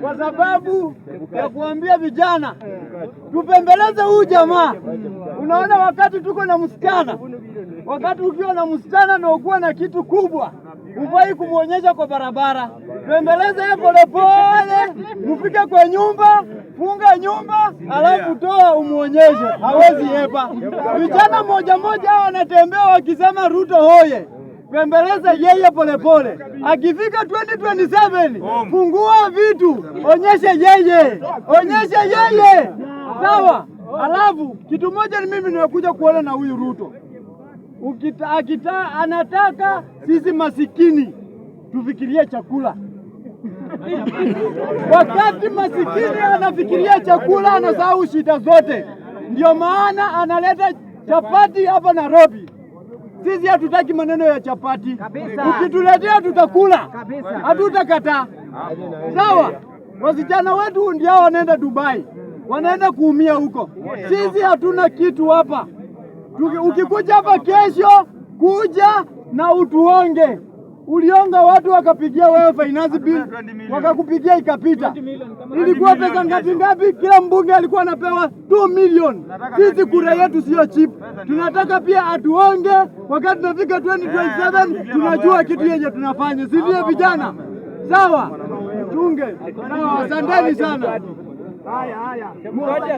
kwa sababu ya kuambia vijana tupembeleze huu jamaa. Unaona, wakati tuko na msichana, wakati ukiwa na msichana na ukuwa na kitu kubwa ufai kumwonyesha kwa barabara, pembeleze ye polepole, mufike kwa nyumba, funga nyumba, alafu toa umwonyeshe, hawezi hepa. Vijana moja moja wanatembea wakisema Ruto hoye Bembeleza yeye polepole, akifika 2027 fungua vitu, onyeshe yeye, onyeshe yeye, sawa. Alafu kitu moja ni mimi nimekuja kuona na huyu Ruto ukita, akita, anataka sisi masikini tufikirie chakula wakati masikini anafikiria chakula anasahau shida zote, ndio maana analeta chapati hapa Nairobi. Sisi hatutaki maneno ya chapati kabisa. Ukituletea tutakula kabisa, hatutakataa. Sawa, wasichana wetu ndio wanaenda Dubai, wanaenda kuumia huko. Sisi hatuna kitu hapa. Ukikuja hapa kesho, kuja na utuonge. Ulionga watu wakapigia wewe finance bill, wakakupigia ikapita. Ilikuwa pesa ngapi ngapi? Kila mbunge alikuwa anapewa 2 million. Sisi kura yetu siyo cheap, tunataka pia atuonge. Wakati tunafika 2027 eh, tunajua kitu yenye tunafanya, si ndio vijana? Sawa, tunge. Sawa, asanteni sana. Haya haya.